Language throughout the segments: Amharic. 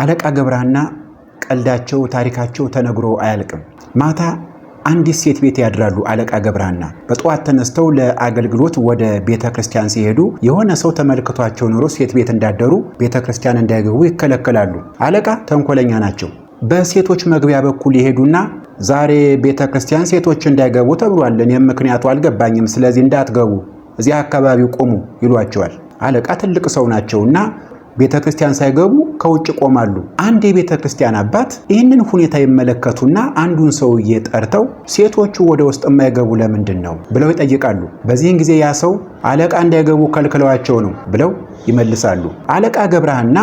አለቃ ገብረሃና ቀልዳቸው፣ ታሪካቸው ተነግሮ አያልቅም። ማታ አንዲት ሴት ቤት ያድራሉ አለቃ ገብራና በጠዋት ተነስተው ለአገልግሎት ወደ ቤተ ክርስቲያን ሲሄዱ የሆነ ሰው ተመልክቷቸው ኖሮ ሴት ቤት እንዳደሩ ቤተ ክርስቲያን እንዳይገቡ ይከለከላሉ። አለቃ ተንኮለኛ ናቸው። በሴቶች መግቢያ በኩል ይሄዱና ዛሬ ቤተ ክርስቲያን ሴቶች እንዳይገቡ ተብሏል፣ እኔም ምክንያቱ አልገባኝም፣ ስለዚህ እንዳትገቡ እዚያ አካባቢ ቁሙ ይሏቸዋል። አለቃ ትልቅ ሰው ናቸውና ቤተ ክርስቲያን ሳይገቡ ከውጭ ቆማሉ። አንድ የቤተ ክርስቲያን አባት ይህንን ሁኔታ ይመለከቱና አንዱን ሰውዬ ጠርተው ሴቶቹ ወደ ውስጥ የማይገቡ ለምንድን ነው ብለው ይጠይቃሉ። በዚህን ጊዜ ያ ሰው አለቃ እንዳይገቡ ከልክለዋቸው ነው ብለው ይመልሳሉ። አለቃ ገብረሃና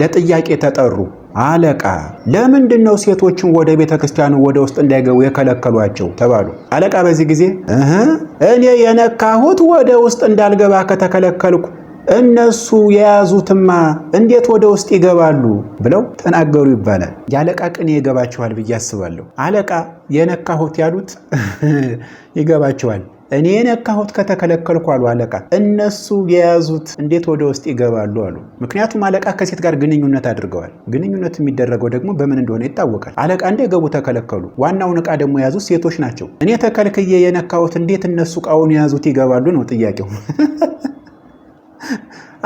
ለጥያቄ ተጠሩ። አለቃ ለምንድን ነው ሴቶችን ወደ ቤተ ክርስቲያኑ ወደ ውስጥ እንዳይገቡ የከለከሏቸው? ተባሉ። አለቃ በዚህ ጊዜ እኔ የነካሁት ወደ ውስጥ እንዳልገባ ከተከለከልኩ እነሱ የያዙትማ እንዴት ወደ ውስጥ ይገባሉ ብለው ተናገሩ ይባላል። የአለቃ ቅኔ ይገባቸዋል ብዬ አስባለሁ። አለቃ የነካሁት ያሉት ይገባቸዋል። እኔ የነካሁት ከተከለከልኩ አሉ አለቃ፣ እነሱ የያዙት እንዴት ወደ ውስጥ ይገባሉ አሉ። ምክንያቱም አለቃ ከሴት ጋር ግንኙነት አድርገዋል። ግንኙነት የሚደረገው ደግሞ በምን እንደሆነ ይታወቃል። አለቃ እንዳይገቡ ተከለከሉ። ዋናውን እቃ ደግሞ የያዙት ሴቶች ናቸው። እኔ ተከልክዬ የነካሁት እንዴት እነሱ እቃውን የያዙት ይገባሉ ነው ጥያቄው።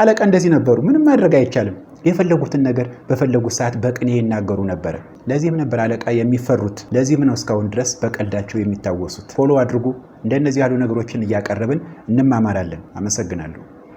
አለቃ እንደዚህ ነበሩ። ምንም ማድረግ አይቻልም። የፈለጉትን ነገር በፈለጉት ሰዓት በቅኔ ይናገሩ ነበረ። ለዚህም ነበር አለቃ የሚፈሩት። ለዚህም ነው እስካሁን ድረስ በቀልዳቸው የሚታወሱት። ፎሎ አድርጉ። እንደነዚህ ያሉ ነገሮችን እያቀረብን እንማማራለን። አመሰግናለሁ።